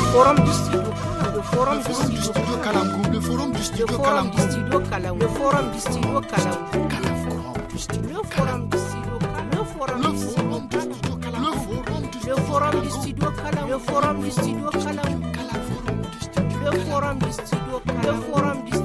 le forum du studio le forum du studio le forum du studio le forum du le forum du le forum du du le forum du le forum du le forum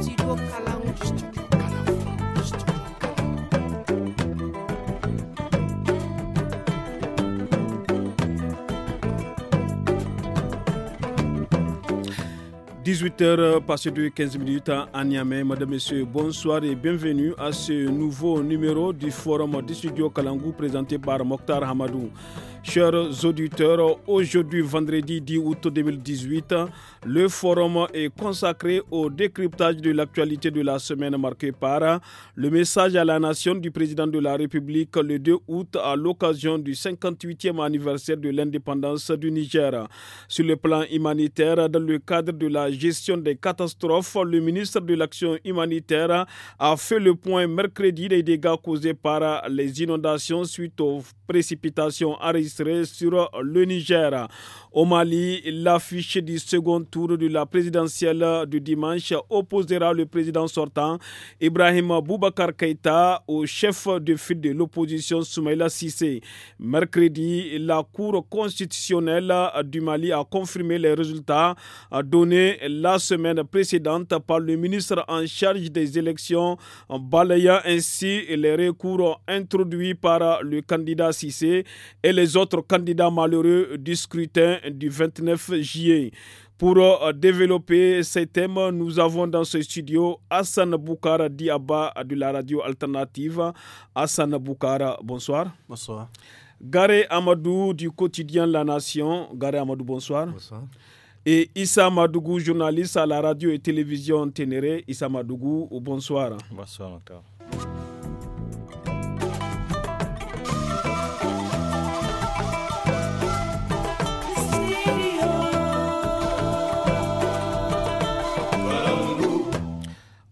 18h euh, passé de 15 minutes à Niamey. Madame, Messieurs, bonsoir et bienvenue à ce nouveau numéro du Forum du Studio Kalangou présenté par Mokhtar Hamadou. Chers auditeurs, aujourd'hui vendredi 10 août 2018, le forum est consacré au décryptage de l'actualité de la semaine marquée par le message à la nation du président de la République le 2 août à l'occasion du 58e anniversaire de l'indépendance du Niger. Sur le plan humanitaire, dans le cadre de la gestion des catastrophes, le ministre de l'Action humanitaire a fait le point mercredi des dégâts causés par les inondations suite aux précipitations enregistrées sur le Niger. Au Mali, l'affiche du second tour de la présidentielle du dimanche opposera le président sortant Ibrahim Boubacar Keïta au chef de file de l'opposition Soumaïla Sissé. Mercredi, la Cour constitutionnelle du Mali a confirmé les résultats donnés la semaine précédente par le ministre en charge des élections, balayant ainsi les recours introduits par le candidat Sissé et les autres candidat malheureux du scrutin du 29 juillet. Pour euh, développer ces thèmes, nous avons dans ce studio Hassan Boukara Diaba de la radio alternative. Hassan Boukara, bonsoir. Bonsoir. Garé Amadou du quotidien La Nation. Garé Amadou, bonsoir. Bonsoir. Et Issa Madougou, journaliste à la radio et télévision Ténéré. Issa Madougou, bonsoir. Bonsoir,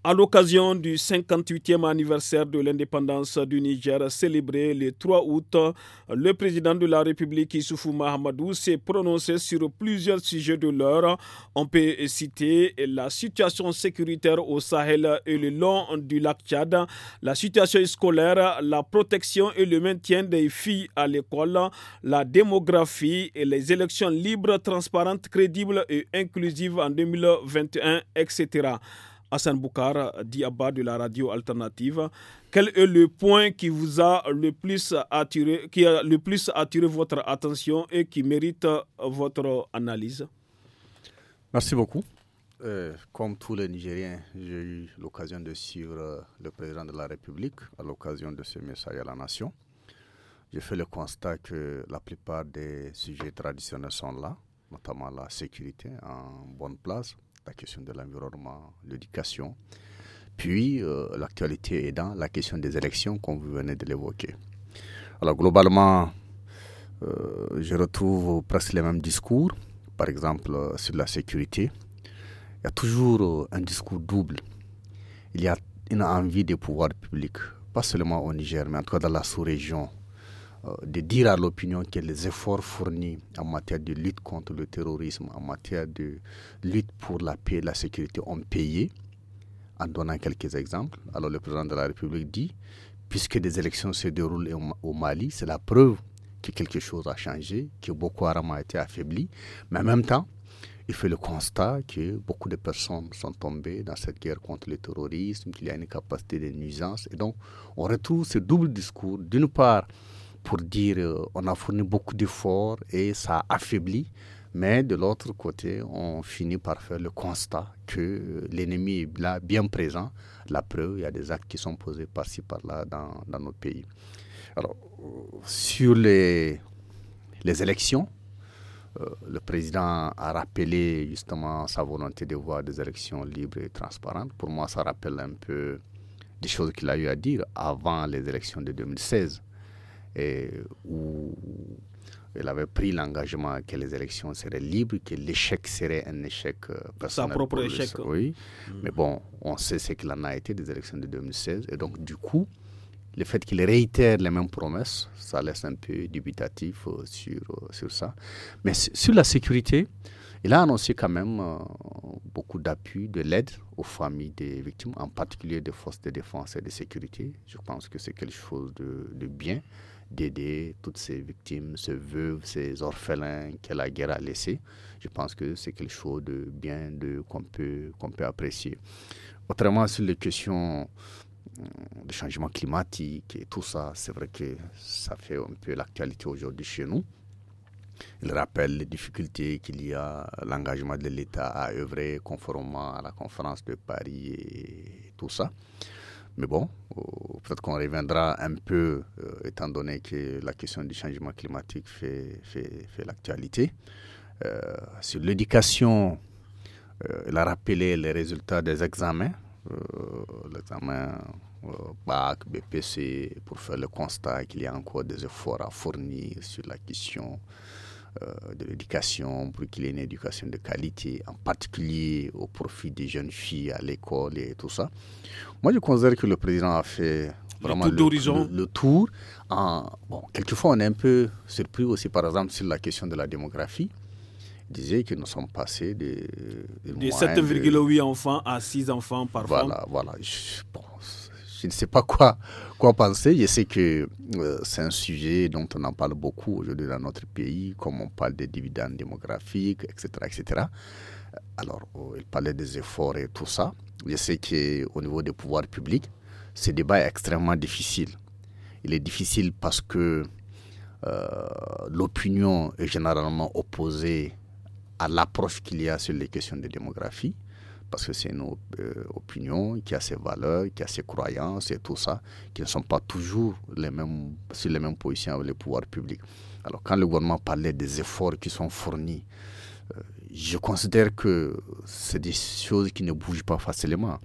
À l'occasion du 58e anniversaire de l'indépendance du Niger célébré le 3 août, le président de la République Issoufou Mahamadou s'est prononcé sur plusieurs sujets de l'heure. On peut citer la situation sécuritaire au Sahel et le long du lac Tchad, la situation scolaire, la protection et le maintien des filles à l'école, la démographie et les élections libres, transparentes, crédibles et inclusives en 2021, etc. Hassan Boukar, dit de la radio alternative. Quel est le point qui vous a le plus attiré, qui a le plus attiré votre attention et qui mérite euh, votre analyse Merci beaucoup. Euh, comme tous les Nigériens, j'ai eu l'occasion de suivre euh, le président de la République à l'occasion de ce message à la nation. J'ai fait le constat que la plupart des sujets traditionnels sont là, notamment la sécurité en bonne place, la question de l'environnement, l'éducation. Puis, euh, l'actualité est dans la question des élections, comme vous venez de l'évoquer. Alors, globalement, euh, je retrouve presque les mêmes discours, par exemple euh, sur la sécurité. Il y a toujours un discours double. Il y a une envie des pouvoirs publics, pas seulement au Niger, mais en tout cas dans la sous-région, euh, de dire à l'opinion que les efforts fournis en matière de lutte contre le terrorisme, en matière de lutte pour la paix et la sécurité ont payé, en donnant quelques exemples. Alors le président de la République dit, puisque des élections se déroulent au Mali, c'est la preuve que quelque chose a changé, que Boko Haram a été affaibli, mais en même temps, il fait le constat que beaucoup de personnes sont tombées dans cette guerre contre le terrorisme, qu'il y a une capacité de nuisance. Et donc, on retrouve ce double discours, d'une part, pour dire euh, on a fourni beaucoup d'efforts et ça affaiblit. Mais de l'autre côté, on finit par faire le constat que euh, l'ennemi est là, bien présent. La preuve, il y a des actes qui sont posés par-ci, par-là dans, dans notre pays. Alors, euh, sur les, les élections, le président a rappelé justement sa volonté de voir des élections libres et transparentes. Pour moi, ça rappelle un peu des choses qu'il a eu à dire avant les élections de 2016 et où il avait pris l'engagement que les élections seraient libres, que l'échec serait un échec euh, personnel. Sa propre échec. Oui, mm. mais bon, on sait ce qu'il en a été des élections de 2016. Et donc, du coup, le fait qu'il réitère les mêmes promesses, ça laisse un peu dubitatif euh, sur, euh, sur ça. Mais sur la sécurité, il a annoncé quand même beaucoup d'appui, de l'aide aux familles des victimes, en particulier des forces de défense et de sécurité. Je pense que c'est quelque chose de, de bien d'aider toutes ces victimes, ces veuves, ces orphelins que la guerre a laissés. Je pense que c'est quelque chose de bien de, qu'on peut, qu'on peut apprécier. Autrement, sur les questions euh, de changement climatique et tout ça, c'est vrai que ça fait un peu l'actualité aujourd'hui chez nous. Il rappelle les difficultés qu'il y a, l'engagement de l'État à œuvrer conformément à la conférence de Paris et tout ça. Mais bon, euh, peut-être qu'on reviendra un peu, euh, étant donné que la question du changement climatique fait, fait, l'actualité. Euh, sur l'éducation, il a rappelé les résultats des examens, l'examen BAC, BPC, pour faire le constat qu'il y a encore des efforts à fournir sur la question euh, de l'éducation, pour qu'il ait une éducation de qualité, en particulier au profit des jeunes filles à l'école et tout ça. Moi, je considère que le président a fait vraiment le, tour. En, bon, quelquefois, on est un peu surpris aussi, par exemple, sur la question de la démographie disait que nous sommes passés de, de, 7,8 enfants à 6 enfants par Voilà, voilà. Bon, je ne sais pas quoi, quoi penser. Je sais que euh, c'est un sujet dont on en parle beaucoup aujourd'hui dans notre pays, comme on parle des dividendes démographiques, etc. etc. Alors, oh, il parlait des efforts et tout ça. Je sais qu'au niveau des pouvoirs publics, ce débat est extrêmement difficile. Il est difficile parce que euh, l'opinion est généralement opposée à l'approche qu'il y a sur les questions de démographie parce que c'est une opinions, euh, opinion qui a ses valeurs, qui a ses croyances et tout ça, qui ne sont pas toujours les mêmes, sur les mêmes positions avec les pouvoirs publics. Alors quand le gouvernement parlait des efforts qui sont fournis, euh, je considère que c'est des choses qui ne bougent pas facilement.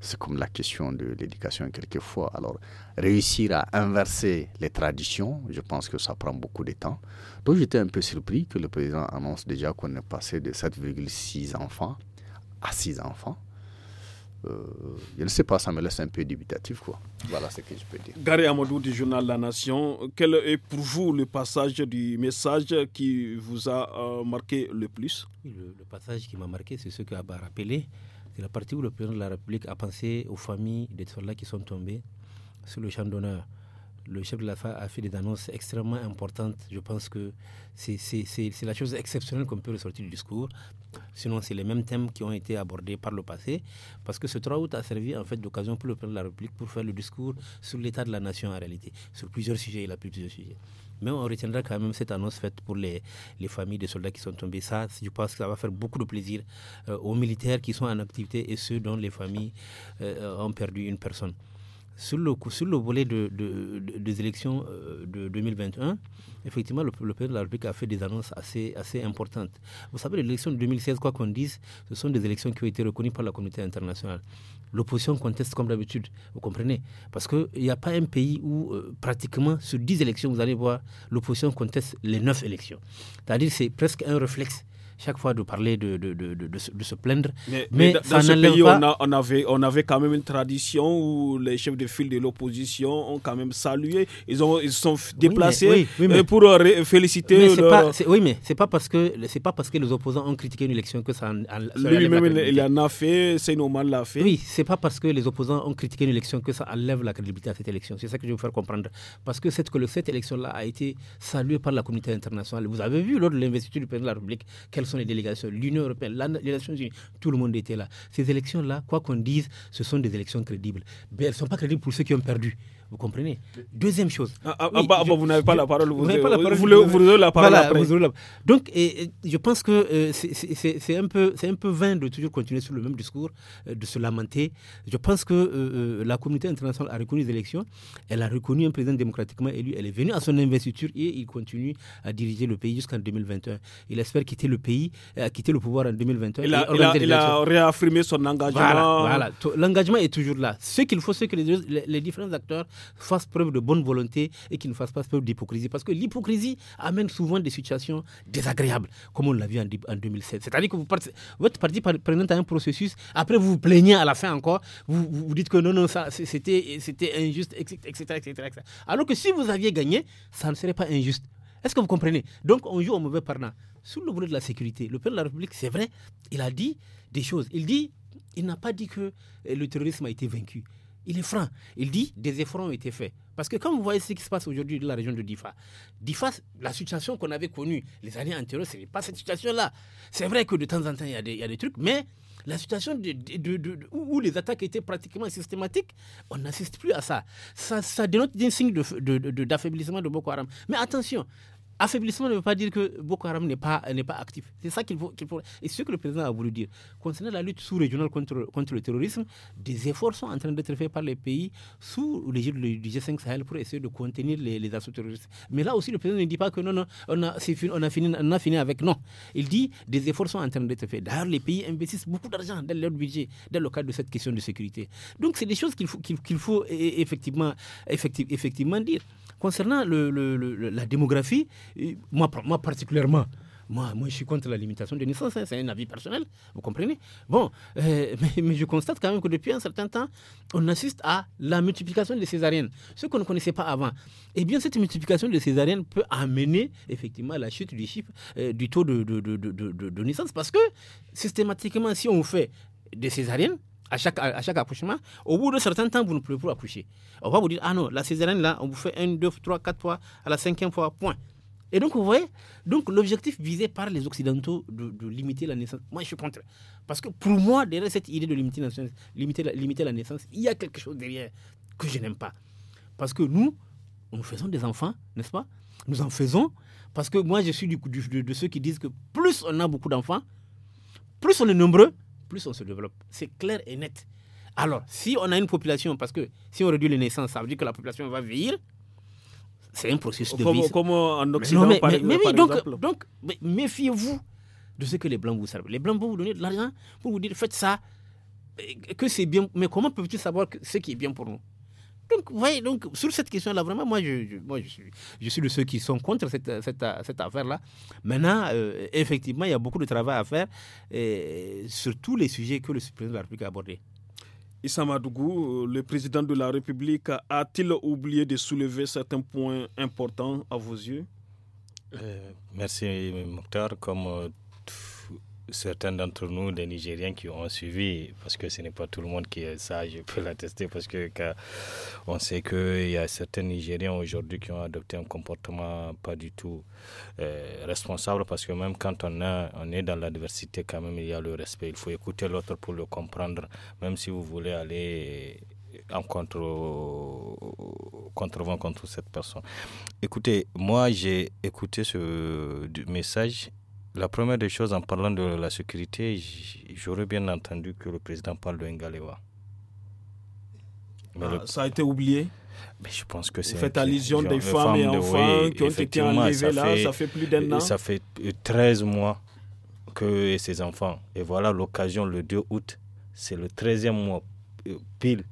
C'est comme la question de l'éducation quelquefois. Alors, réussir à inverser les traditions, je pense que ça prend beaucoup de temps. Donc, j'étais un peu surpris que le président annonce déjà qu'on est passé de 7,6 enfants à six enfants, euh, je ne sais pas, ça me laisse un peu dubitatif. Quoi. Voilà ce que je peux dire. Gary Amadou du journal La Nation, quel est pour vous le passage du message qui vous a euh, marqué le plus le, passage qui m'a marqué, c'est ce que a rappelé. C'est la partie où le président de la République a pensé aux familles des soldats qui sont tombés sur le champ d'honneur le chef de la FA a fait des annonces extrêmement importantes. Je pense que c'est la chose exceptionnelle qu'on peut ressortir du discours. Sinon, c'est les mêmes thèmes qui ont été abordés par le passé, parce que ce 3 août a servi en fait d'occasion pour le président de la République pour faire le discours sur l'état de la nation en réalité, sur plusieurs sujets, il a plusieurs sujets. Mais on retiendra quand même cette annonce faite pour les, familles des soldats qui sont tombés. Ça, je pense que ça va faire beaucoup de plaisir euh, aux militaires qui sont en activité et ceux dont les familles euh, ont perdu une personne sur le, sur le volet de, des élections euh, de 2021, effectivement, le, le, président de la République a fait des annonces assez, assez importantes. Vous savez, les élections de 2016, quoi qu'on dise, ce sont des élections qui ont été reconnues par la communauté internationale. L'opposition conteste comme d'habitude, vous comprenez Parce qu'il n'y a pas un pays où, euh, pratiquement, sur 10 élections, vous allez voir, l'opposition conteste les 9 élections. C'est-à-dire c'est presque un réflexe chaque fois de parler de, de, de, de, se plaindre. Mais, dans, ce pays, on, on, avait, on avait quand même une tradition où les chefs de file de l'opposition ont quand même salué. Ils ont ils sont déplacés mais, pour féliciter. oui, mais c'est pas parce que c'est pas parce que les opposants ont critiqué une élection que ça. lui il en a fait. l'a fait. Oui, c'est pas parce que les opposants ont critiqué une élection que ça enlève la crédibilité à cette élection. C'est ça que je veux faire comprendre. Parce que cette, que cette élection-là a été saluée par la communauté internationale. Vous avez vu lors de l'investiture du président de la République les délégations, l'Union européenne, les Nations unies, tout le monde était là. Ces élections-là, quoi qu'on dise, ce sont des élections crédibles. Mais elles ne sont pas crédibles pour ceux qui ont perdu. Vous comprenez Deuxième chose. Ah, ah, ah, bah, bah, vous n'avez pas, la parole. Vous, avez, la parole. Donc, je pense que euh, c'est un, peu, un peu vain de toujours continuer sur le même discours, euh, de se lamenter. Je pense que euh, la communauté internationale a reconnu les élections. Elle a reconnu un président démocratiquement élu. Elle est venue à son investiture et il continue à diriger le pays jusqu'en 2021. Il espère quitter le pays, quitter le pouvoir en 2021. Il a, réaffirmé son engagement. L'engagement voilà, L'engagement est toujours là. Ce qu'il faut, c'est que les différents acteurs fasse preuve de bonne volonté et qu'il ne fasse pas preuve d'hypocrisie. Parce que l'hypocrisie amène souvent des situations désagréables, comme on l'a vu en, 2007. C'est-à-dire que vous votre parti prenant un processus, après vous vous plaignez à la fin encore, vous, vous, dites que non, non, ça c'était injuste, etc., etc., Alors que si vous aviez gagné, ça ne serait pas injuste. Est-ce que vous comprenez Donc on joue au mauvais parna sous le volet de la sécurité, le père de la République, c'est vrai, il a dit des choses. Il dit, il n'a pas dit que le terrorisme a été vaincu. Il est franc. Il dit des efforts ont été faits. Parce que quand vous voyez ce qui se passe aujourd'hui dans la région de Difa, Difa, la situation qu'on avait connue les années antérieures, ce n'est pas cette situation-là. C'est vrai que de temps en temps, il y, a des, il y a des trucs, mais la situation de, où, les attaques étaient pratiquement systématiques, on n'assiste plus à ça. Ça, ça dénote des signe d'affaiblissement de, Boko Haram. Mais attention, affaiblissement ne veut pas dire que Boko Haram n'est pas, pas actif. C'est ça qu'il faut, Et ce que le président a voulu dire. Concernant la lutte sous-régionale contre, contre le terrorisme, des efforts sont en train d'être faits par les pays sous l'égide du G5 Sahel pour essayer de contenir les, les, assauts terroristes. Mais là aussi, le président ne dit pas que non, non, on a, fini, on, a fini, on a fini avec. Non. Il dit des efforts sont en train d'être faits. D'ailleurs, les pays investissent beaucoup d'argent dans leur budget dans le cadre de cette question de sécurité. Donc, c'est des choses qu'il faut, faut e, e, effectivement, effectivement, dire. Concernant le, la démographie, moi, moi particulièrement, moi, moi, je suis contre la limitation de naissance, hein, c'est un avis personnel, vous comprenez Bon, euh, mais, mais, je constate quand même que depuis un certain temps, on assiste à la multiplication des césariennes, ce qu'on ne connaissait pas avant. et eh bien, cette multiplication des césariennes peut amener effectivement à la chute du chiffre, euh, du taux de, de, de, de naissance, parce que systématiquement, si on fait des césariennes, à chaque, à chaque accouchement, au bout de certain temps, vous ne pouvez plus accoucher. On va vous dire, ah non, la césarienne, là, on vous fait 1, 2, 3, 4 fois, à la cinquième fois, point. Et donc, vous voyez, donc l'objectif visé par les Occidentaux de, limiter la naissance, moi je suis contre. Parce que pour moi, derrière cette idée de limiter la naissance, limiter la, naissance il y a quelque chose derrière que je n'aime pas. Parce que nous, nous faisons des enfants, n'est-ce pas Nous en faisons. Parce que moi, je suis du, du de, de, ceux qui disent que plus on a beaucoup d'enfants, plus on est nombreux, plus on se développe. C'est clair et net. Alors, si on a une population, parce que si on réduit les naissances, ça veut dire que la population va vieillir, c'est un processus de vie. en Occident, mais, donc, méfiez-vous de ce que les Blancs vous servent. Les Blancs vont vous donner de l'argent pour vous dire faites ça, que c'est bien. Mais comment peuvent-ils savoir ce qui est bien pour nous donc, voyez, donc, sur cette question-là, vraiment, moi, je, suis, je de ceux qui sont contre cette, affaire-là. Maintenant, euh, effectivement, il y a beaucoup de travail à faire, sur tous les sujets que le président de la République a abordés. Isamadougou, euh, le président de la République a-t-il oublié de soulever certains points importants à vos yeux euh, Merci Mokhtar. Euh, certains d'entre nous, des Nigériens qui ont suivi, parce que ce n'est pas tout le monde qui est ça, je peux l'attester, parce que on sait qu'il y a certains Nigériens aujourd'hui qui ont adopté un comportement pas du tout euh, responsable, parce que même quand on, a, on est dans l'adversité, quand même, il y a le respect. Il faut écouter l'autre pour le comprendre, même si vous voulez aller en contre contrevent contre cette personne. Écoutez, moi j'ai écouté ce message la première des choses, en parlant de la sécurité, j'aurais bien entendu que le président parle de Ngalewa. Ah, ça a été oublié mais je pense que c'est. Vous faites allusion des femmes, et enfants qui ont été enlevés là, ça fait plus d'un an. Ça fait 13 mois que ces enfants. Et voilà l'occasion, le 2 août, c'est le 13e mois euh, pile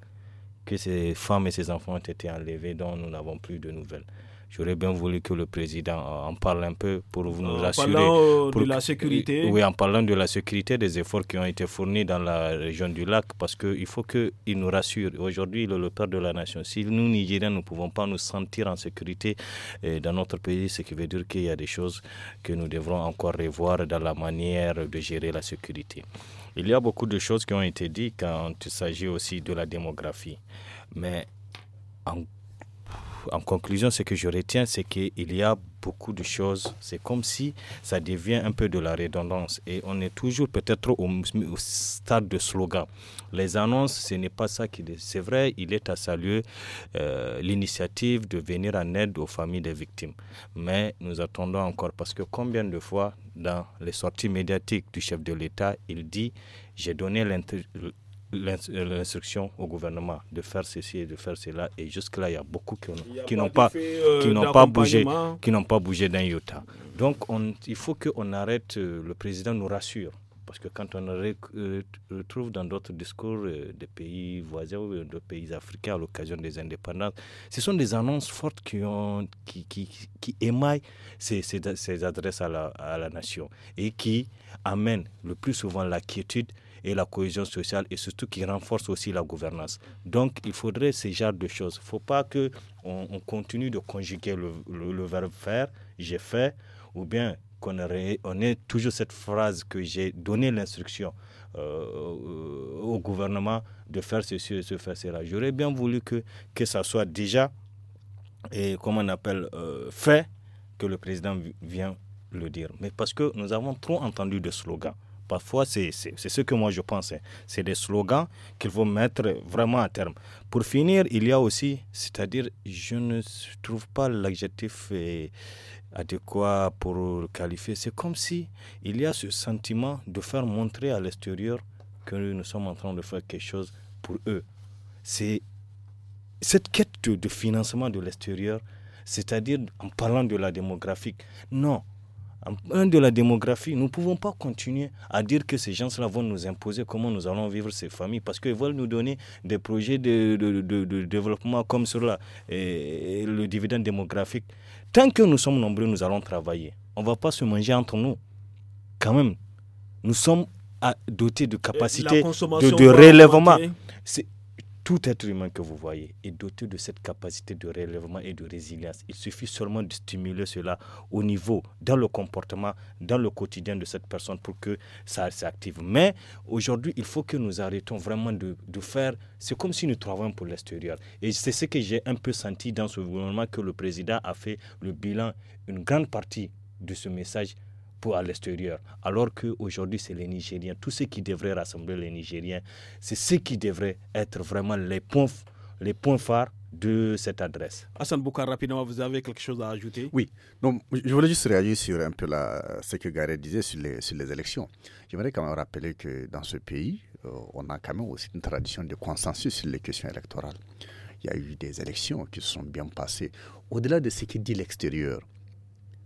que ces femmes et ces enfants ont été enlevés, dont nous n'avons plus de nouvelles. J'aurais bien voulu que le président euh, en parle un peu pour vous nous rassurer. En parlant euh, de la euh, sécurité. Oui, en parlant de la sécurité, des efforts qui ont été fournis dans la région du lac, parce qu'il faut qu'il nous rassure. Aujourd'hui, le, père de la nation, si nous, Nigériens, nous ne pouvons pas nous sentir en sécurité dans notre pays, ce qui veut dire qu'il y a des choses que nous devrons encore revoir dans la manière de gérer la sécurité. Il y a beaucoup de choses qui ont été dites quand il s'agit aussi de la démographie. Mais en en conclusion, ce que je retiens, c'est qu'il y a beaucoup de choses. C'est comme si ça devient un peu de la redondance. Et on est toujours peut-être au, stade de slogan. Les annonces, ce n'est pas ça qui... C'est vrai, il est à saluer euh, l'initiative de venir en aide aux familles des victimes. Mais nous attendons encore parce que combien de fois dans les sorties médiatiques du chef de l'État, il dit, j'ai donné l'intérêt. Euh, l'instruction au gouvernement de faire ceci et de faire cela et jusque là il y a beaucoup qui n'ont pas, euh, qui n'ont pas bougé qui n'ont pas bougé d'un iota donc il faut qu'on arrête euh, le président nous rassure parce que quand on retrouve dans d'autres discours des pays voisins ou des pays africains à l'occasion des indépendances, ce sont des annonces fortes qui, ont, qui, qui, qui émaillent ces, ces, ces adresses à la, à la, nation et qui amènent le plus souvent l'inquiétude et la cohésion sociale et surtout qui renforce aussi la gouvernance. Donc il faudrait ce genre de choses. Il ne faut pas que on, continue de conjuguer le, verbe faire, j'ai fait, ou bien qu'on on ait toujours cette phrase que j'ai donné l'instruction. Euh, au gouvernement de faire ceci et de faire cela. J'aurais bien voulu que, que ça soit déjà, et comme on appelle, euh, fait, que le président vient le dire. Mais parce que nous avons trop entendu de slogans. Parfois, c'est ce que moi je pense. Hein. C'est des slogans qu'il faut mettre vraiment à terme. Pour finir, il y a aussi, c'est-à-dire, je ne trouve pas l'adjectif eh, adéquat pour qualifier. C'est comme si il y a ce sentiment de faire montrer à l'extérieur que nous sommes en train de faire quelque chose pour eux. C'est cette quête de, financement de l'extérieur, c'est-à-dire en parlant de la démographie. Non, un de la démographie. Nous ne pouvons pas continuer à dire que ces gens-là vont nous imposer comment nous allons vivre ces familles parce qu'ils veulent nous donner des projets de, développement comme sur le dividende démographique. Tant que nous sommes nombreux, nous allons travailler. On ne va pas se manger entre nous. Quand même, nous sommes dotés de capacités de, relèvement. Tout être humain que vous voyez est doté de cette capacité de relèvement et de résilience. Il suffit seulement de stimuler cela au niveau, dans le comportement, dans le quotidien de cette personne pour que ça s'active. Mais aujourd'hui, il faut que nous arrêtons vraiment de, faire. C'est comme si nous travaillions pour l'extérieur. Et c'est ce que j'ai un peu senti dans ce gouvernement que le président a fait le bilan. Une grande partie de ce message pour à l'extérieur. Alors qu'aujourd'hui, c'est les Nigériens, tout ceux qui devraient rassembler les Nigériens, c'est ce qui devrait être vraiment les points, les points phares de cette adresse. Hassan Boukar, rapidement, vous avez quelque chose à ajouter Oui, donc je voulais juste réagir sur un peu ce que Gareth disait sur les, sur les élections. J'aimerais quand même rappeler que dans ce pays, euh, on a quand même aussi une tradition de consensus sur les questions électorales. Il y a eu des élections qui se sont bien passées. Au-delà de ce qui dit l'extérieur,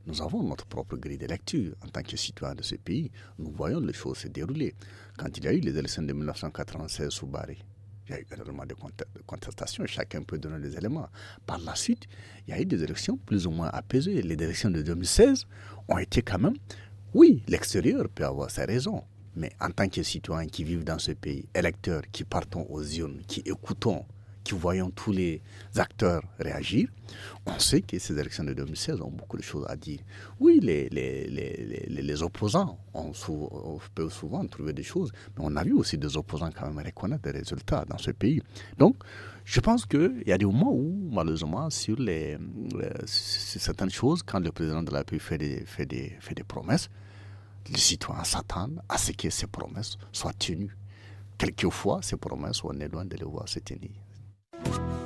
nous avons notre propre grille de lecture. En tant que citoyens de ce pays, nous voyons les choses se dérouler. Quand il y a eu les élections de 1996 sous Bari, il y a eu énormément de contestations, chacun peut donner des éléments. Par la suite, il y a eu des élections plus ou moins apaisées. Les élections de 2016 ont été quand même, oui, l'extérieur peut avoir ses raisons, mais en tant que citoyens qui vivent dans ce pays, électeurs qui partons aux urnes, qui écoutons qui voyons tous les acteurs réagir, on sait que ces élections de 2016 ont beaucoup de choses à dire. Oui, les, les, les, les opposants on, peut peuvent souvent trouver des choses, mais on a vu aussi des opposants quand même reconnaître des résultats dans ce pays. Donc, je pense qu'il y a des moments où, malheureusement, sur, les, certaines choses, quand le président de la République fait des, fait des, fait des promesses, les citoyens s'attendent à ce que ces promesses soient tenues. Quelquefois, ces promesses, on est loin de les voir se tenir. you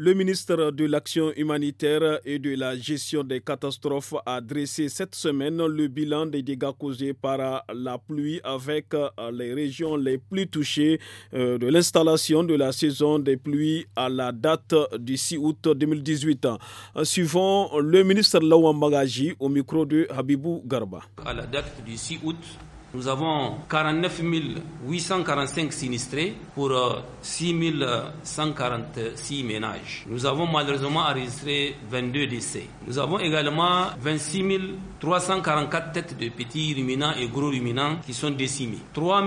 Le ministre de l'Action humanitaire et de la gestion des catastrophes a dressé cette semaine le bilan des dégâts causés par la pluie avec euh, les régions les plus touchées euh, de l'installation de la saison des pluies à la date du 6 août 2018. Euh, suivant le ministre Lawan au micro de Habibou Garba. À la date du 6 août, nous avons 49 845 sinistrés pour 6 euh, 146 ménages. Nous avons malheureusement enregistré 22 décès. Nous avons également 26 344 têtes de petits ruminants et gros ruminants qui sont décimés. 3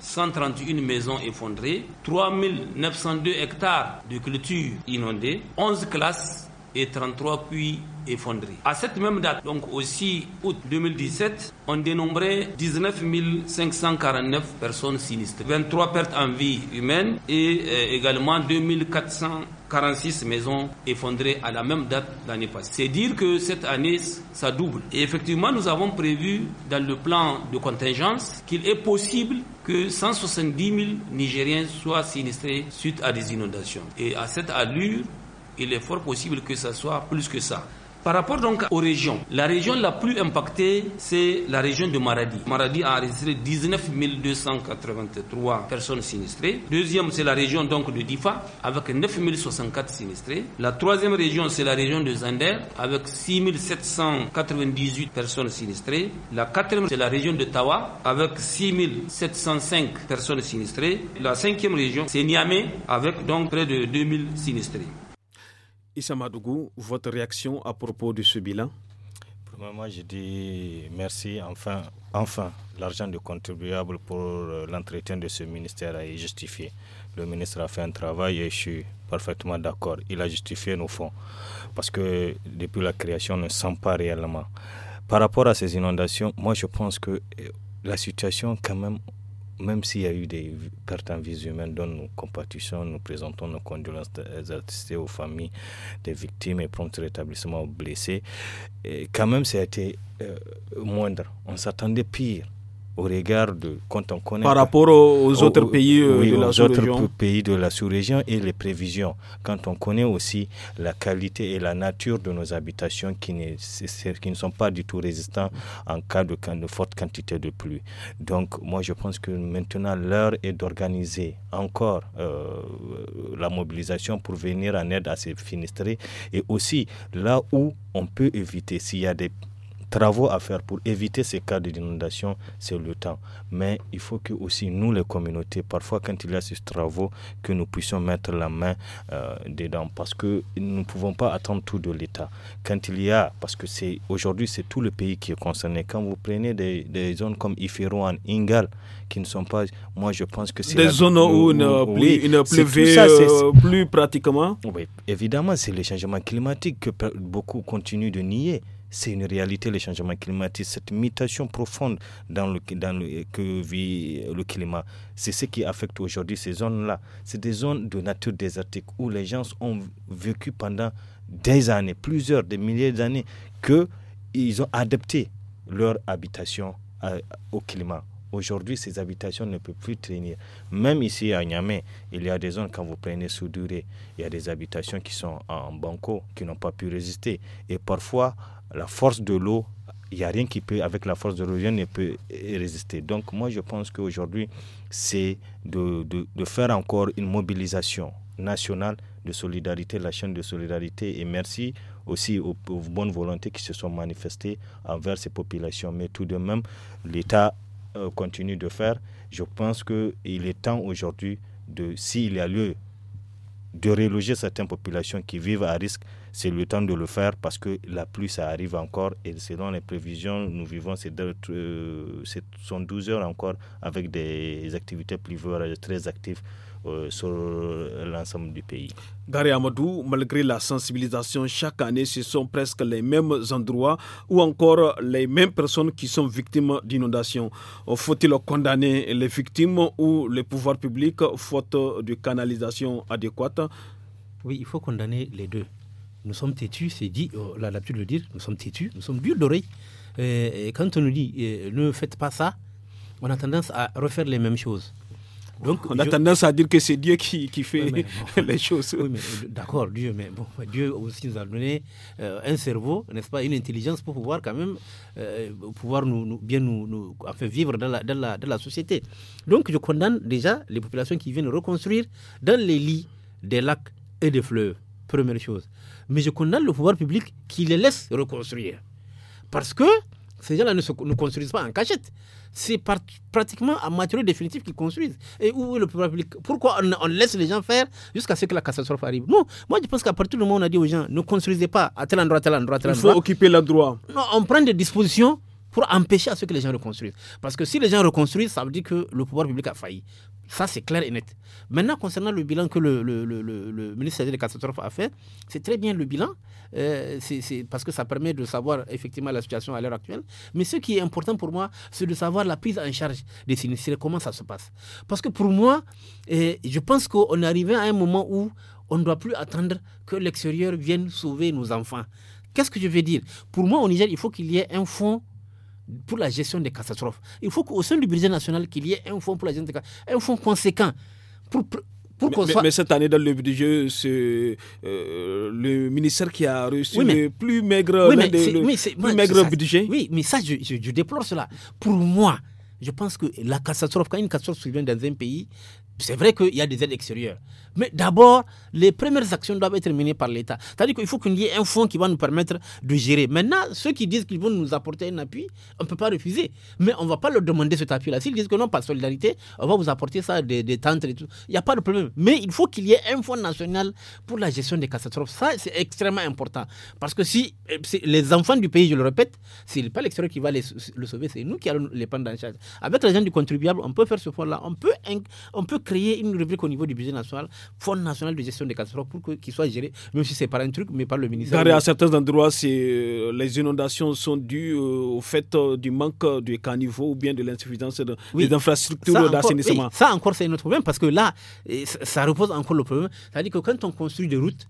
131 maisons effondrées. 3 902 hectares de cultures inondées. 11 classes et 33 puits effondrés. À cette même date, donc aussi août 2017, on dénombrait 19 549 personnes sinistrées, 23 pertes en vie humaine et euh, également également 2446 maisons effondrées à la même date l'année passée. C'est dire que cette année, ça double. Et effectivement, nous avons prévu dans le plan de contingence qu'il est possible que 170 000 Nigériens soient sinistrés suite à des inondations. Et à cette allure, il est fort possible que ça soit plus que ça. Par rapport donc aux régions, la région la plus impactée, c'est la région de Maradi. Maradi a enregistré 19 283 personnes sinistrées. Deuxième, c'est la région donc de Difa, avec 9 064 sinistrés. La troisième région, c'est la région de Zander, avec 6 798 personnes sinistrées. La quatrième, c'est la région de Tawa, avec 6 705 personnes sinistrées. La cinquième région, c'est Niamey, avec donc près de 2000 sinistrés. Isamadougou, votre réaction à propos de ce bilan Premièrement, je dis merci. Enfin, enfin l'argent du contribuable pour euh, l'entretien de ce ministère est justifié. Le ministre a fait un travail et je suis parfaitement d'accord. Il a justifié nos fonds parce que depuis la création, on ne sent pas réellement. Par rapport à ces inondations, moi, je pense que euh, la situation, quand même, même s'il y a eu des pertes en vie humaines dans nos compatutions, nous présentons nos condoléances euh, aux familles des victimes et prompt rétablissement aux blessés, et quand même, ça a été euh, moindre. On s'attendait pire au regard de quand on connaît par rapport aux autres pays euh, de la sous-région pays de la sous-région et les prévisions quand on connaît aussi la qualité et la nature de nos habitations qui ne, qui ne sont pas du tout résistants en cas de, forte quantité de pluie donc moi je pense que maintenant l'heure est d'organiser encore euh, la mobilisation pour venir en aide à ces finistrés et aussi là où on peut éviter s'il y a des travaux à faire pour éviter ces cas d'inondation, c'est le temps. Mais il faut que aussi nous, les communautés, parfois quand il y a ces travaux, que nous puissions mettre la main euh, dedans parce que nous ne pouvons pas attendre tout de l'État. Quand il y a, parce que c'est aujourd'hui c'est tout le pays qui est concerné. Quand vous prenez des, des zones comme Ifirouan, Ingal, qui ne sont pas, moi je pense que c'est des zones où, il ne pleuvait plus pratiquement. Oui, évidemment, c'est le changement climatique que beaucoup continuent de nier. C'est une réalité, le changement climatique, cette mutation profonde dans que vit le climat. C'est ce qui affecte aujourd'hui ces zones-là. C'est des zones de nature désertique où les gens ont vécu pendant des années, plusieurs, des milliers d'années, qu'ils ont adapté leur habitation euh, au climat. Aujourd'hui, ces habitations ne peuvent plus tenir. Même ici à Niamey, il y a des zones, quand vous prenez durée il y a des habitations qui sont en banco, qui n'ont pas pu résister. Et parfois, la force de l'eau, il n'y a rien qui peut, avec la force de l'eau, rien ne peut résister. Donc, moi, je pense qu'aujourd'hui, c'est de, faire encore une mobilisation nationale de solidarité, la chaîne de solidarité. Et merci aussi aux bonnes volontés qui se sont manifestées envers ces populations. Mais tout de même, l'État euh, continue de faire, je pense qu'il est temps aujourd'hui de, s'il y a lieu de reloger certaines populations qui vivent à risque, c'est le temps de le faire parce que la pluie, ça arrive encore et selon les prévisions, nous vivons ces, 12 euh, heures encore avec des activités pluvieuses très actives. Euh, sur l'ensemble du pays. Gary Amadou, malgré la sensibilisation chaque année, ce sont presque les mêmes endroits ou encore les mêmes personnes qui sont victimes d'inondations. Faut-il condamner les victimes ou les pouvoirs publics faute de canalisation adéquate Oui, il faut condamner les deux. Nous sommes têtus, c'est dit, on euh, a l'habitude de le dire, nous sommes têtus, nous sommes durs d'oreille. Euh, quand on nous dit ne faites pas ça, on a tendance à refaire les mêmes choses. Donc, on a tendance à dire que c'est Dieu qui, qui fait les choses. Oui, mais euh, d'accord, Dieu, mais bon, Dieu aussi nous a donné euh, un cerveau, n'est-ce pas, une intelligence pour pouvoir quand même euh, pouvoir nous, bien nous, nous vivre dans la, la, dans la société. Donc, je condamne déjà les populations qui viennent reconstruire dans les lits des lacs et des fleuves, première chose. Mais je condamne le pouvoir public qui les laisse reconstruire. Parce que ces gens-là ne, construisent pas en cachette. C'est pratiquement à maturité définitif qu'ils construisent. Et où est le pouvoir public Pourquoi on, laisse les gens faire jusqu'à ce que la catastrophe arrive Non, moi je pense qu'à partir du moment où on a dit aux gens ne construisez pas à tel endroit, tel endroit, tel endroit. Il faut occuper l'endroit. Non, on prend des dispositions pour empêcher à ce que les gens reconstruisent. Parce que si les gens reconstruisent, ça veut dire que le pouvoir public a failli. Ça, c'est clair et net. Maintenant, concernant le bilan que le, ministre le, le ministère des Catastrophes a fait, c'est très bien le bilan, euh, c'est parce que ça permet de savoir effectivement la situation à l'heure actuelle. Mais ce qui est important pour moi, c'est de savoir la prise en charge des sinistrés, comment ça se passe. Parce que pour moi, euh, je pense qu'on est arrivé à un moment où on ne doit plus attendre que l'extérieur vienne sauver nos enfants. Qu'est-ce que je veux dire Pour moi, au Niger, il faut qu'il y ait un fonds pour la gestion des catastrophes. Il faut qu'au sein du budget national, qu'il y ait un fonds pour la gestion des catastrophes, un fonds conséquent pour, pour mais, mais, cette année, dans le budget, c'est euh, le ministère qui a reçu le plus maigre, le maigre budget. Oui, mais ça, je, je, je, déplore cela. Pour moi, je pense que la catastrophe, quand une catastrophe survient dans un pays, c'est vrai qu'il y a des aides extérieures. Mais d'abord, les premières actions doivent être menées par l'État. C'est-à-dire qu'il faut qu'il y ait un fonds qui va nous permettre de gérer. Maintenant, ceux qui disent qu'ils vont nous apporter un appui, on ne peut pas refuser. Mais on ne va pas leur demander cet appui-là. S'ils disent que non, par solidarité, on va vous apporter ça, des, tentes et tout. Il n'y a pas de problème. Mais il faut qu'il y ait un fonds national pour la gestion des catastrophes. Ça, c'est extrêmement important. Parce que si eh, les enfants du pays, je le répète, n'est pas l'extérieur qui va les, le sauver, c'est nous qui allons les prendre en charge. Avec l'argent du contribuable, on peut faire ce fonds-là. On peut, on peut créer une rubrique au niveau du budget national, Fonds national de gestion des catastrophes, pour qu'il soit géré, même si ce n'est pas un truc, mais par le ministère. Dans, à certains endroits, euh, les inondations sont dues euh, au fait euh, du manque de caniveau ou bien de l'insuffisance des infrastructures d'assainissement. ça encore, c'est un autre problème, parce que là, ça repose encore le problème. C'est-à-dire que quand on construit des routes,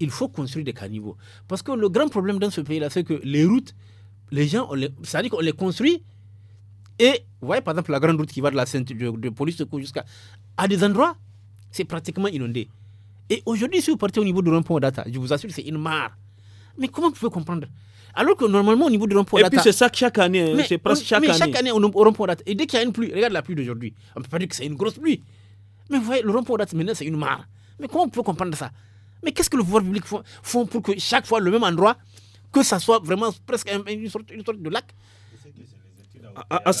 il faut construire des caniveaux. Parce que le grand problème dans ce pays-là, c'est que les routes, les gens, c'est-à-dire qu'on les construit et vous voyez par exemple la grande route qui va de la ceinture de, de police jusqu'à à des endroits, c'est pratiquement inondé. Et aujourd'hui, si vous partez au niveau de rond Data, je vous assure, c'est une mare. Mais comment vous pouvez comprendre alors que normalement, au niveau de Odata... Et puis c'est ça que chaque année, hein, c'est presque chaque mais année. chaque année, on, Et dès qu'il y a une pluie, regarde la pluie d'aujourd'hui. On ne peut pas dire que c'est une grosse pluie. Mais vous voyez, le Data maintenant, c'est une mare. Mais comment on peut comprendre ça Mais qu'est-ce que le pouvoir public font, pour que chaque fois, le même endroit, que ça soit vraiment presque une sorte de lac, ah, ah,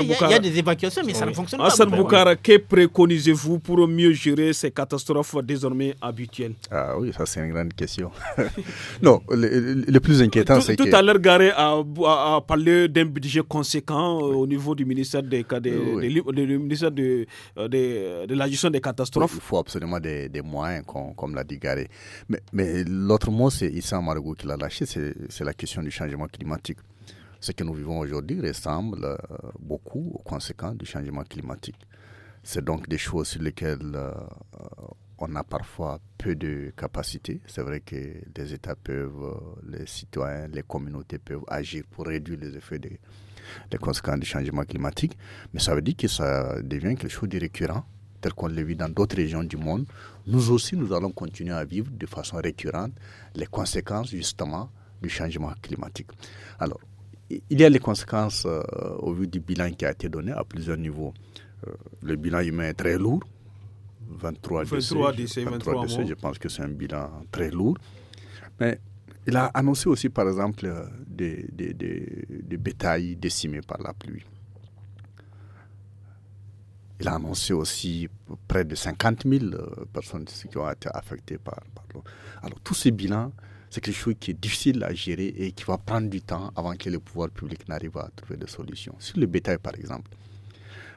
il y, a des évacuations, mais ça ne fonctionne pas. Hassan Boukara, que préconisez-vous pour mieux gérer ces catastrophes désormais habituelles Ah oui, ça c'est une grande question. non, le, plus inquiétant, c'est que... Tout à l'heure, Garé a, parlé d'un budget conséquent euh, au niveau du ministère, euh, des, de, la gestion des catastrophes. il faut absolument des, moyens, comme, l'a dit Garé. Mais, l'autre mot, c'est Issa Margot qui l'a lâché, c'est la question du changement climatique. Ce que nous vivons aujourd'hui ressemble euh, beaucoup aux conséquences du changement climatique. C'est donc des choses sur lesquelles euh, on a parfois peu de capacité. C'est vrai que les États peuvent, euh, les citoyens, les communautés peuvent agir pour réduire les effets des, des conséquences du changement climatique, mais ça veut dire que ça devient quelque chose de récurrent, tel qu'on le vit dans d'autres régions du monde. Nous aussi, nous allons continuer à vivre de façon récurrente les conséquences justement du changement climatique. Alors, il y a les conséquences euh, au vu du bilan qui a été donné à plusieurs niveaux. Euh, le bilan humain est très lourd. 23, décès, 23 décès je pense que c'est un bilan très lourd. Mais il a annoncé aussi, par exemple, euh, des, bétails décimés par la pluie. Il a annoncé aussi près de 50 000 personnes qui ont été affectées par, par l'eau. Alors, tous ces bilans c'est quelque chose qui est difficile à gérer et qui va prendre du temps avant que le pouvoir public n'arrive à trouver des solutions. Sur le bétail, par exemple,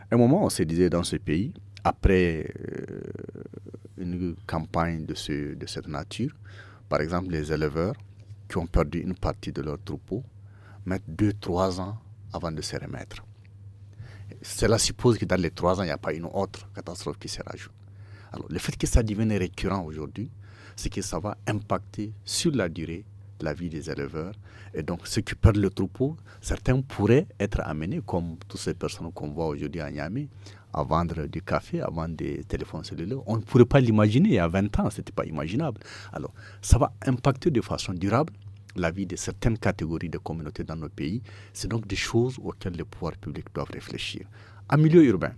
à un moment, on se disait dans ce pays, après euh, une campagne de, de cette nature, par exemple, les éleveurs qui ont perdu une partie de leur troupeau mettent 2-3 ans avant de se remettre. Cela suppose que dans les 3 ans, il n'y a pas une autre catastrophe qui se rajoute. Alors, le fait que ça devienne récurrent aujourd'hui, c'est que ça va impacter sur la durée la vie des éleveurs. Et donc, ceux qui perdent le troupeau, certains pourraient être amenés, comme toutes ces personnes qu'on voit aujourd'hui à Niamey, à vendre du café, à vendre des téléphones cellulaires. On ne pourrait pas l'imaginer il y a 20 ans, ce n'était pas imaginable. Alors, ça va impacter de façon durable la vie de certaines catégories de communautés dans nos pays. C'est donc des choses auxquelles les pouvoirs publics doivent réfléchir. En milieu urbain,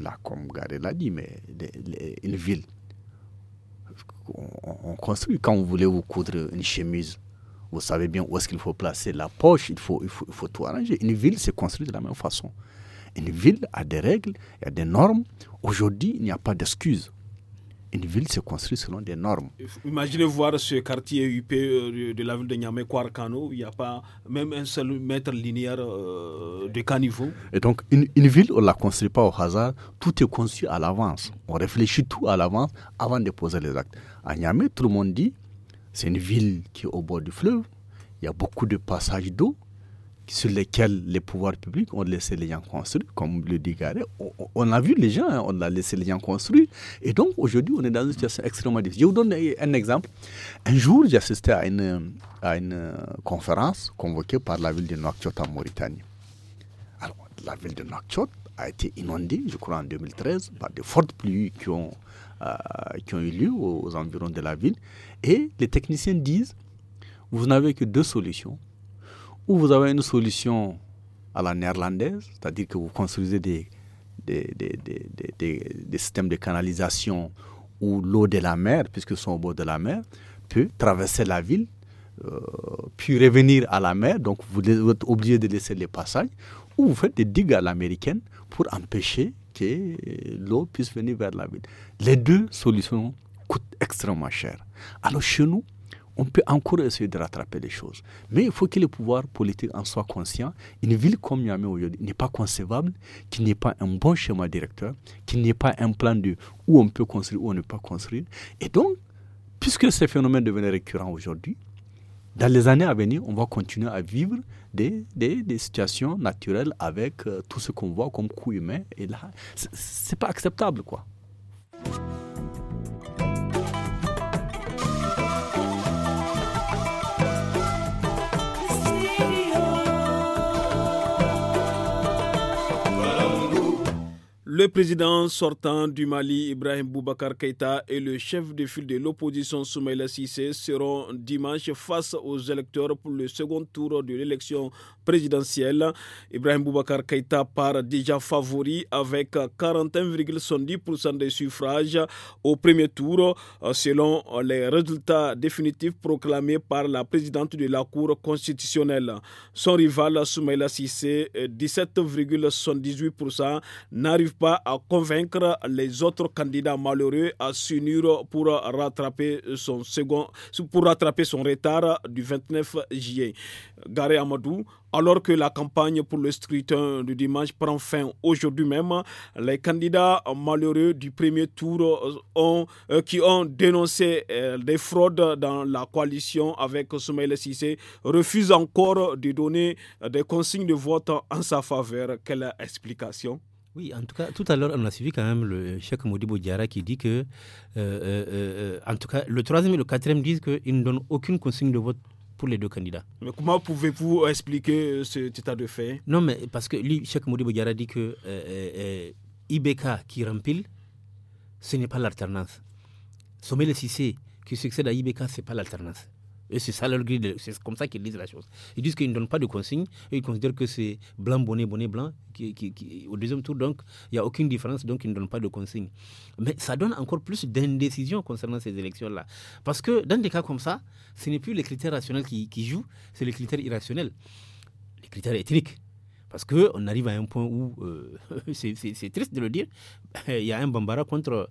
là, comme Garel l'a dit, mais une ville on construit. Quand vous voulez vous coudre une chemise, vous savez bien où est-ce qu'il faut placer la poche, il faut, il faut, tout arranger. Une ville se construit de la même façon. Une ville a des règles, il y a des normes. Aujourd'hui, il n'y a pas d'excuses une ville se construit selon des normes. Imaginez voir ce quartier UP euh, de la ville de Niamey, Kouarkano, il n'y a pas même un seul mètre linéaire euh, de caniveau. Et donc, une, ville, on ne la construit pas au hasard, tout est conçu à l'avance. On réfléchit tout à l'avance avant de poser les actes. À Niamey, tout le monde dit, c'est une ville qui est au bord du fleuve, il y a beaucoup de passages d'eau, sur lesquels les pouvoirs publics ont laissé les gens construire, comme le dit Garé. On, a vu les gens, hein, on a laissé les gens construire. Et donc aujourd'hui, on est dans une situation extrêmement difficile. Je vous donne un exemple. Un jour, j'assistais à une, à une euh, conférence convoquée par la ville de Nouakchott en Mauritanie. Alors, la ville de Nouakchott a été inondée, je crois, en 2013, par de fortes pluies qui euh, qui ont eu lieu aux environs de la ville. Et les techniciens disent, vous n'avez que deux solutions ou vous avez une solution à la néerlandaise, c'est-à-dire que vous construisez des, des, des, des systèmes de canalisation où l'eau de la mer, puisque sont au bord de la mer, peut traverser la ville, euh, puis revenir à la mer. Donc vous êtes obligé de laisser les passages, ou vous faites des digues à l'américaine pour empêcher que l'eau puisse venir vers la ville. Les deux solutions coûtent extrêmement cher. Alors chez nous, on peut encore essayer de rattraper les choses. Mais il faut que le pouvoir politique en soit conscient. Une ville comme Niamey aujourd'hui n'est pas concevable, qu'il n'y ait pas un bon schéma directeur, qu'il n'y ait pas un plan de où on peut construire, où on ne peut pas construire. Et donc, puisque ces phénomènes devient récurrents aujourd'hui, dans les années à venir, on va continuer à vivre des, des, situations naturelles avec euh, tout ce qu'on voit comme coût humain. Et là, c'est pas acceptable, quoi. Le président sortant du Mali, Ibrahim Boubacar Keïta, et le chef de file de l'opposition Soumaïla Sissé seront dimanche face aux électeurs pour le second tour de l'élection présidentielle. Ibrahim Boubacar Keïta part déjà favori avec 41,70% des suffrages au premier tour, euh, selon les résultats définitifs proclamés par la présidente de la Cour constitutionnelle. Son rival, Soumaïla Sissé, 17,78%, euh, n'arrive pas à convaincre les autres candidats malheureux à s'unir pour rattraper son second, pour rattraper son retard du 29 juillet. Garé Amadou, alors que la campagne pour le scrutin du dimanche prend fin aujourd'hui même, les candidats malheureux du premier tour euh, euh, qui ont dénoncé euh, des fraudes dans la coalition avec Soumaïla Sissé refusent encore de donner des consignes de vote en sa faveur. Quelle explication oui, en tout cas, tout à l'heure, on a suivi quand même le chef Modibo Diara qui dit que, en tout cas, le troisième et le quatrième disent qu'ils ne donnent aucune consigne de vote pour les deux candidats. Mais comment pouvez-vous expliquer euh, ce état de fait Non, mais parce que lui, Cheikh Moudi Bouyara dit que euh, euh, euh IBK qui rempile, ce n'est pas l'alternance. Sommet le CC qui succède à IBK, ce n'est pas l'alternance. Et c'est ça leur grille, c'est comme ça qu'ils lisent la chose. Ils disent qu'ils ne donnent pas de consignes ils considèrent que c'est blanc, bonnet, bonnet, blanc. au deuxième tour, donc, il n'y a aucune différence, donc ils ne donnent pas de consignes. Mais ça donne encore plus d'indécision concernant ces élections-là. Parce que dans des cas comme ça, ce n'est plus les critères rationnels qui, jouent, c'est les critères irrationnels, les critères ethniques parce qu'on arrive à un point où, euh, c'est triste de le dire, il y a un bambara contre euh,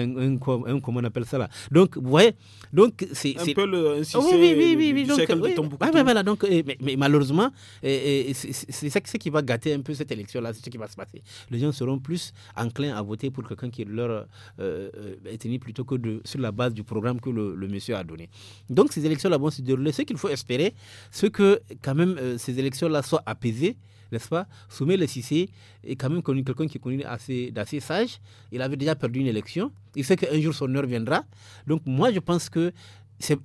euh, un, comment on appelle ça là. Donc, vous voyez, donc c'est... Un peu le ah oui, oui, oui, donc, voilà, donc, eh, mais, malheureusement, eh, eh, c'est ça qui va gâter un peu cette élection-là, c'est ce qui va se passer. Les gens seront plus enclins à voter pour quelqu'un qui leur est tenu plutôt que de, sur la base du programme que le, le monsieur a donné. Donc, ces élections-là vont se dérouler. Ce qu'il faut espérer, c'est que quand même ces élections-là soient apaisées n'est-ce pas Soumet le Cissé est quand même connu quelqu'un qui est connu assez, d'assez sage. Il avait déjà perdu une élection. Il sait qu'un jour son heure viendra. Donc moi, je pense que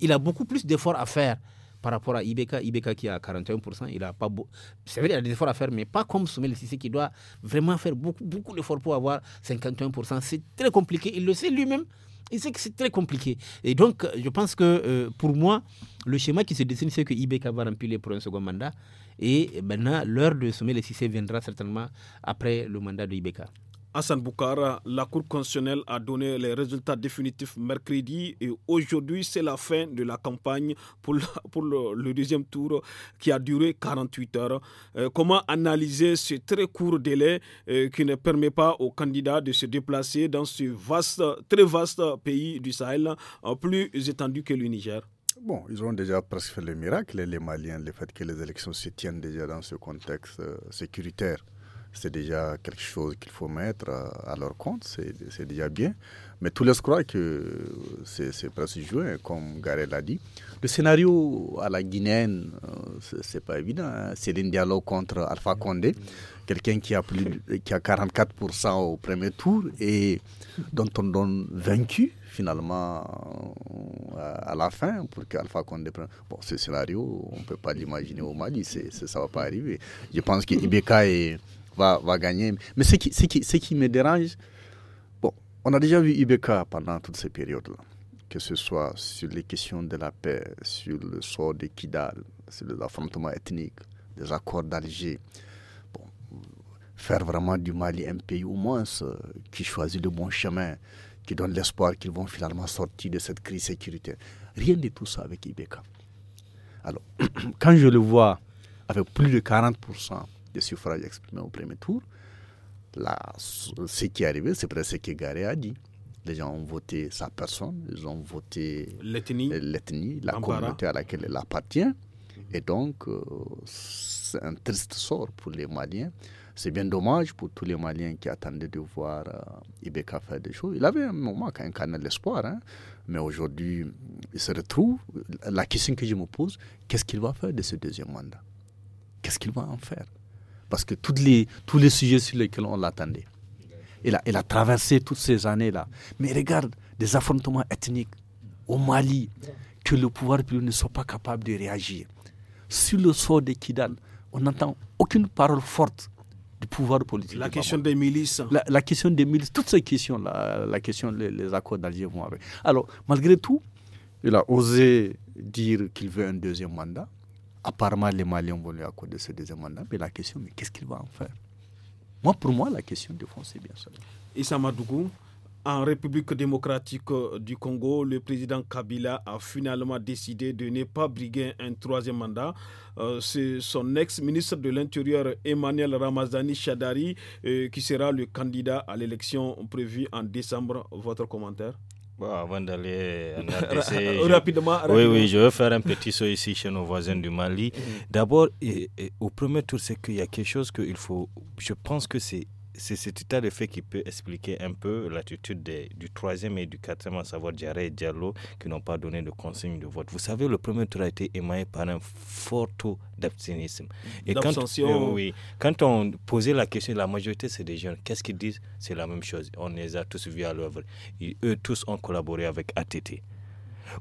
il a beaucoup plus d'efforts à faire par rapport à Ibeka. Ibeka qui a 41%, il a pas beau. C'est vrai, il a des efforts à faire, mais pas comme le Cissé qui doit vraiment faire beaucoup, beaucoup d'efforts pour avoir 51%. C'est très compliqué. Il le sait lui-même. Il sait que c'est très compliqué. Et donc, je pense que euh, pour moi, le schéma qui se dessine, c'est que Ibeka va remplir pour un second mandat et maintenant, l'heure de sommet les CIC viendra certainement après le mandat de Ibeka. Hassan Boukara, la Cour constitutionnelle a donné les résultats définitifs mercredi et aujourd'hui c'est la fin de la campagne pour, le, deuxième tour qui a duré 48 heures. Euh, comment analyser ce très court délai euh, qui ne permet pas aux candidats de se déplacer dans ce vaste, très vaste pays du Sahel, euh, plus étendu que le Niger Bon, ils ont déjà presque fait le miracle, les Maliens, le fait que les élections se tiennent déjà dans ce contexte euh, sécuritaire c'est déjà quelque chose qu'il faut mettre euh, à, leur compte, c'est déjà bien. Mais tous les croient que c'est presque joué, hein, comme Garel l'a dit. Le scénario à la Guinéenne, euh, c'est pas évident. C'est hein. C'est dialogue contre Alpha Condé, quelqu'un qui, a qui a 44% au premier tour et dont on donne vaincu finalement euh, à la fin pour qu'Alpha Condé prenne. Bon, ce scénario, on ne peut pas l'imaginer au Mali, ça ne va pas arriver. Je pense que Ibeka va, gagner. Mais ce qui, ce qui, ce qui me dérange, on a déjà vu Ibeka pendant toutes ces périodes-là, que ce soit sur les questions de la paix, sur le sort des Kidal, sur les affrontements ethniques, des accords d'Alger. Bon, faire vraiment du Mali un pays au moins euh, qui choisit le bon chemin, qui donne l'espoir qu'ils vont finalement sortir de cette crise sécuritaire. Rien de tout ça avec Ibeka. Alors, quand je le vois avec plus de 40% des suffrages exprimés au premier tour, là, ce qui est arrivé, c'est presque ce que Garé a dit. Les gens ont voté sa personne, ils ont voté l'ethnie, la communauté à laquelle elle appartient. Et donc, euh, c'est un triste sort pour les Maliens. C'est bien dommage pour tous les Maliens qui attendaient de voir euh, Ibeka faire des choses. Il avait un moment qui incarnait l'espoir, hein. mais aujourd'hui, il se retrouve. La question que je me pose, qu'est-ce qu'il va faire de ce deuxième mandat Qu'est-ce qu'il va en faire parce que toutes les, tous les sujets sur lesquels on l'attendait. Il a, a traversé toutes ces années-là. Mais regarde, des affrontements ethniques au Mali, que le pouvoir ne soit pas capable de réagir. Sur le sort de Kidal, on n'entend aucune parole forte du pouvoir politique. La question des milices. La, question des milices, toutes ces questions, la, la question les, accords d'Alger vont avec. Alors, malgré tout, il a osé dire qu'il veut un deuxième mandat. Apparemment, les Maliens vont lui accorder ce deuxième mandat. Mais la question, mais qu'est-ce qu'il va en faire Moi, pour moi, la question de fond, c'est bien ça. Issa Madougou, en République démocratique euh, du Congo, le président Kabila a finalement décidé de ne pas briguer un troisième mandat. Euh, c'est son ex-ministre de l'Intérieur Emmanuel Ramazani Chadari euh, qui sera le candidat à l'élection prévue en décembre. Votre commentaire avant d'aller euh, en RDC, Oui, oui, je veux faire un petit saut ici chez nos voisins du Mali. Mhm. D'abord, au premier tour, c'est qu'il y a quelque chose qu'il faut. Je pense que c'est c'est cet état de fait qui peut expliquer un peu l'attitude du troisième et du quatrième, à savoir Diarra et Diallo, qui n'ont pas donné de consigne de vote. Vous savez, le premier tour a été émaillé par un fort taux d'abstinisme. Et quand, euh, oui, quand on posait la question, la majorité, c'est des jeunes. Qu'est-ce qu'ils disent C'est la même chose. On les a tous vus à l'œuvre. Eux tous ont collaboré avec ATT.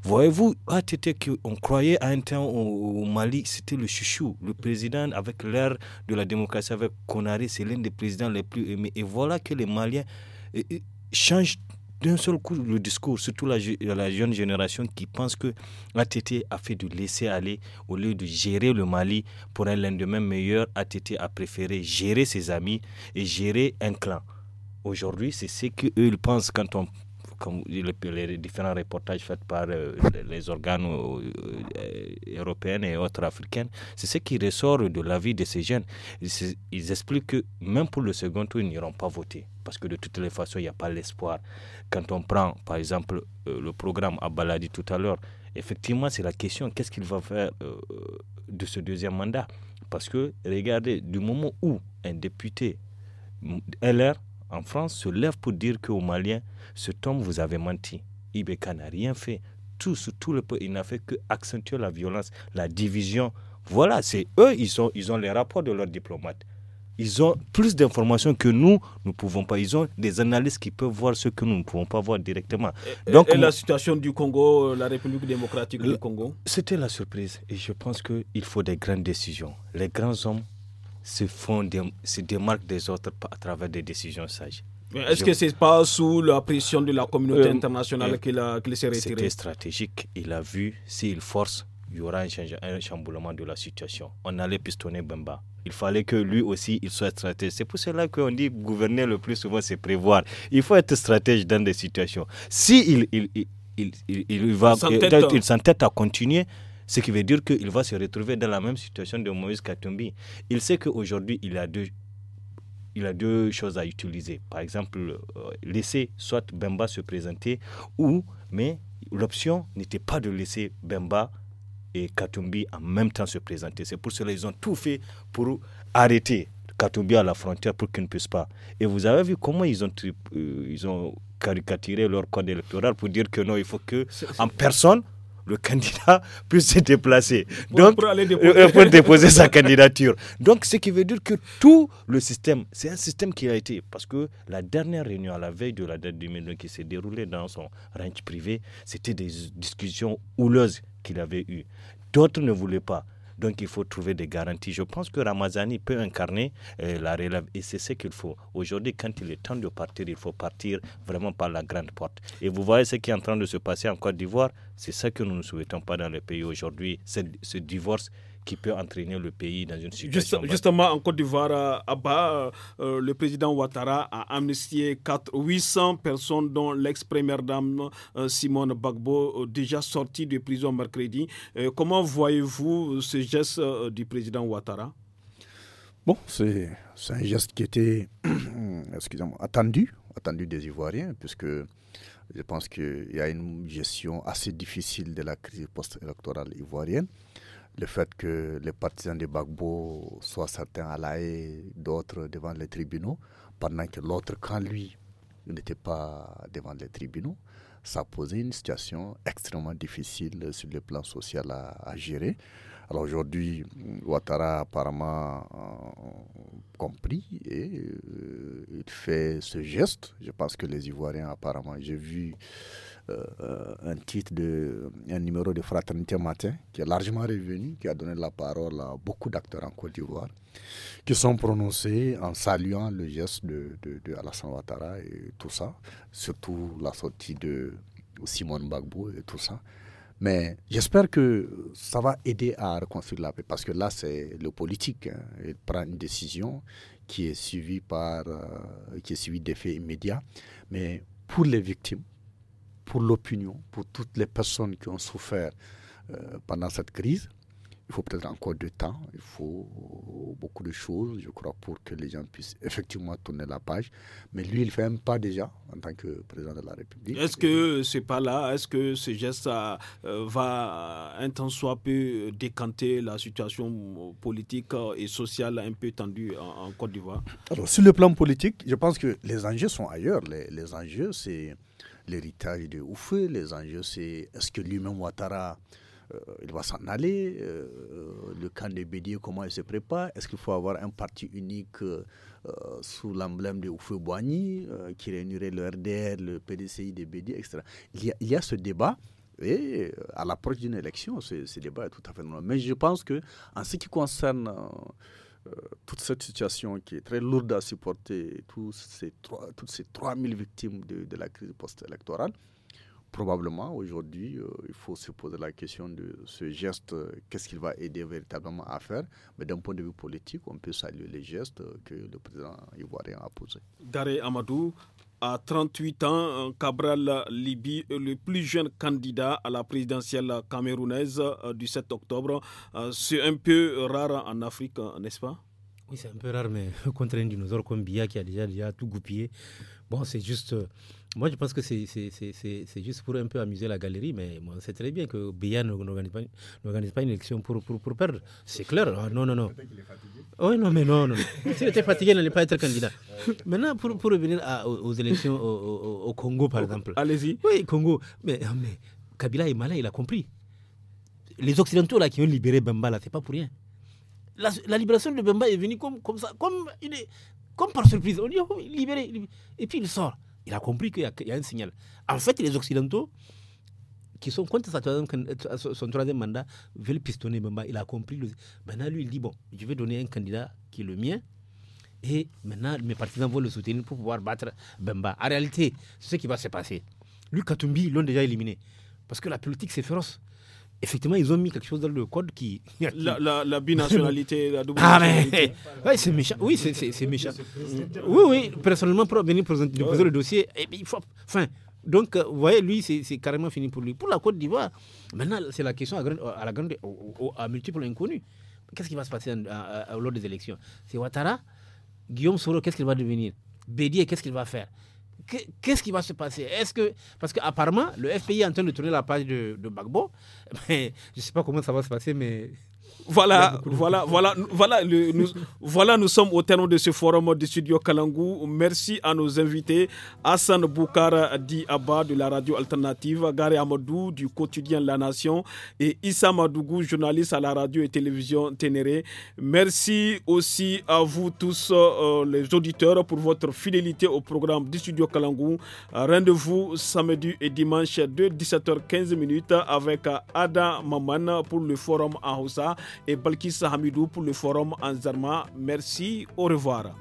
Voyez-vous, ATT, on croyait à un temps au, Mali, c'était le chouchou, le président avec l'air de la démocratie, avec Konaré, c'est l'un des présidents les plus aimés. Et voilà que les Maliens changent d'un seul coup le discours, surtout la, la, jeune génération qui pense que ATT a fait de laisser aller au lieu de gérer le Mali pour un lendemain meilleur. ATT a préféré gérer ses amis et gérer un clan. Aujourd'hui, c'est ce qu'eux ils pensent quand on comme les, différents reportages faits par euh, les organes euh, euh, européens et autres africains, c'est ce qui ressort de la vie de ces jeunes. Ils, expliquent que même pour le second tour, ils n'iront pas voter parce que de toutes les façons, il n'y a pas l'espoir. Quand on prend, par exemple, le programme à Baladi tout à l'heure, effectivement, c'est la question qu'est-ce qu'il va faire de ce deuxième mandat Parce que, regardez, du moment où un député LR en France se lève pour dire qu'au Malien, cet homme vous avez menti. Ibeka n'a rien fait. Tout, tout le il n'a fait que accentuer la violence, la division. Voilà, c'est eux, ils ont, ils ont les rapports de leurs diplomates. Ils ont plus d'informations que nous, nous ne pouvons pas. Ils ont des analystes qui peuvent voir ce que nous ne pouvons pas voir directement. Et, Donc, la situation du Congo, la République démocratique du Congo C'était la surprise. Et je pense qu'il faut des grandes décisions. Les grands hommes se, font se démarquent des autres à travers des décisions sages. Est-ce que ce n'est pas sous la pression de la euh, communauté euh, internationale euh, qu'il s'est retiré C'était stratégique. Il a vu, s'il force, il y aura un, chamboulement de la situation. On allait pistonner Bemba. Il fallait que lui aussi, il soit stratège. C'est pour cela qu'on dit gouverner le plus souvent, c'est prévoir. Il faut être stratège dans des situations. Si il, il, il, il va, euh, hein. s'entête à continuer, ce qui veut dire qu'il va se retrouver dans la même situation de Moïse Katumbi. Il sait qu'aujourd'hui, il a deux il a deux choses à utiliser. Par exemple, euh, laisser soit Bemba se présenter, ou, mais l'option n'était pas de laisser Bemba et Katumbi en même temps se présenter. C'est pour cela qu'ils ont tout fait pour arrêter Katumbi à la frontière pour qu'il ne puisse pas. Et vous avez vu comment ils ont, euh, ils ont caricaturé leur code électoral pour dire que non, il faut que en personne le candidat puisse se déplacer donc, pour, aller euh, déposer. sa candidature. Donc, ce qui veut dire que tout le système, c'est un système qui a été, parce que la dernière réunion à la veille de la date 2002 qui s'est déroulée dans son ranch privé, c'était des discussions houleuses qu'il avait eues. D'autres ne voulaient pas. Donc il faut trouver des garanties. Je pense que Ramazani peut incarner euh, la relève et c'est ce qu'il faut. Aujourd'hui, quand il est temps de partir, il faut partir vraiment par la grande porte. Et vous voyez ce qui est en train de se passer en Côte d'Ivoire. C'est ça que nous ne souhaitons pas dans le pays aujourd'hui, ce divorce qui peut entraîner le pays dans une situation. justement, en Côte d'Ivoire, à euh, le président Ouattara a amnistié 800 personnes, dont l'ex-première dame euh, Simone Bagbo, euh, déjà sortie de prison mercredi. comment voyez-vous ce geste du président Ouattara Bon, c'est un geste qui était attendu, attendu des Ivoiriens, puisque je pense qu'il y a une gestion assez difficile de la crise post ivoirienne le fait que les partisans de Bagbo soient certains à la haie, d'autres devant les tribunaux, pendant que l'autre, quand lui n'était pas devant les tribunaux, ça posait une situation extrêmement difficile sur le plan social à, gérer. Alors aujourd'hui, Ouattara apparemment euh, compris et euh, il fait ce geste. Je pense que les Ivoiriens apparemment, j'ai vu euh, un titre, de, un numéro de Fraternité Matin qui est largement revenu, qui a donné la parole à beaucoup d'acteurs en Côte d'Ivoire, qui sont prononcés en saluant le geste de, de, Alassane Ouattara et tout ça, surtout la sortie de Simone Bagbo et tout ça. Mais j'espère que ça va aider à reconstruire la paix, parce que là, c'est le politique. Hein. Il prend une décision qui est suivie par, euh, qui est suivie d'effets immédiats. Mais pour les victimes, pour l'opinion, pour toutes les personnes qui ont souffert euh, pendant cette crise. Il faut peut-être encore du temps, il faut beaucoup de choses, je crois, pour que les gens puissent effectivement tourner la page. Mais lui, il fait un pas déjà en tant que président de la République. Est-ce que ce pas-là, est-ce que ce geste euh, va euh, un temps soit peu décanter la situation politique et sociale un peu tendue en, Côte d'Ivoire Alors, sur le plan politique, je pense que les enjeux sont ailleurs. Les, les enjeux, c'est l'héritage de Oufé, Les enjeux, c'est est-ce que lui-même Ouattara, euh, il va s'en aller euh, Le camp des Bédié, comment il se prépare Est-ce qu'il faut avoir un parti unique euh, sous l'emblème de Oufé Boigny qui réunirait le RDR, le PDCI de Bédié, etc. Il y, a, ce débat. Et à l'approche d'une élection, ce, ce, débat est tout à fait normal. Mais je pense que, en ce qui concerne euh, toute cette situation qui est très lourde à supporter, tous ces 3, toutes ces 3000 victimes de, la crise post-électorale, probablement aujourd'hui, euh, il faut se poser la question de ce geste, euh, qu'est-ce qu'il va aider véritablement à faire. Mais d'un point de vue politique, on peut saluer les gestes que le président ivoirien a posés. Daré Amadou, à 38 ans, Cabral Libi le plus jeune candidat à la présidentielle camerounaise euh, du 7 octobre. Euh, c'est un peu rare en Afrique, euh, n'est-ce pas Oui, c'est un peu rare, mais contre un dinosaure comme Bia qui a déjà, déjà tout goupillé, bon, c'est juste moi, je pense que c'est juste pour un peu amuser la galerie, mais on sait très bien que Béa n'organise pas, pas, une élection pour, pour, pour perdre. C'est clair. Ah, non, non, non. Oui, non, mais non. non. S'il était fatigué, il n'allait pas être candidat. Maintenant, pour, pour revenir aux, élections au, Congo, par exemple. Allez-y. Oui, Congo. Mais, ah, mais Kabila est malin, il a compris. Les Occidentaux là, qui ont libéré Bemba, ce n'est pas pour rien. La, libération de Bamba est venue comme, comme ça, comme, comme par surprise. On dit, oh, libéré. Et puis il sort. Il a compris qu'il y, a un signal. En fait, les Occidentaux, qui sont contre son troisième mandat, veulent pistonner Bemba. Il a compris. Maintenant, lui, il dit, bon, je vais donner un candidat qui est le mien. Et maintenant, mes partisans vont le soutenir pour pouvoir battre Bemba. En réalité, c'est ce qui va se passer. Lui, Katumbi, ils l'ont déjà éliminé. Parce que la politique, c'est féroce effectivement, ils ont mis quelque chose dans le code qui. La, binationalité, la double ah Mais... c'est méchant. Oui, c'est méchant. Oui, oui, personnellement, pour venir présenter, le dossier, eh il faut. Enfin, donc, euh, vous voyez, lui, c'est carrément fini pour lui. Pour la Côte d'Ivoire, maintenant, c'est la question à, la grande, à multiples inconnus. Qu'est-ce qui va se passer lors des élections C'est Ouattara Guillaume Soro, qu'est-ce qu'il va devenir Bédier, qu'est-ce qu'il va faire qu'est-ce qui va se passer Est-ce que parce qu'apparemment le FPI est en train de tourner la page de, de Bagbo, mais je sais pas comment ça va se passer, mais voilà, voilà, voilà, voilà, nous, voilà, nous sommes au terme de ce forum du studio Kalangou. Merci à nos invités, Hassan Boukara Di Abba de la radio alternative, Gary Amadou du quotidien La Nation et Issa Madougou, journaliste à la radio et télévision Ténéré. Merci aussi à vous tous, euh, les auditeurs, pour votre fidélité au programme du studio Kalangou. Rendez-vous samedi et dimanche de 17h15 avec Ada Maman pour le forum à et Balkis Hamidou pour le forum en Merci, au revoir.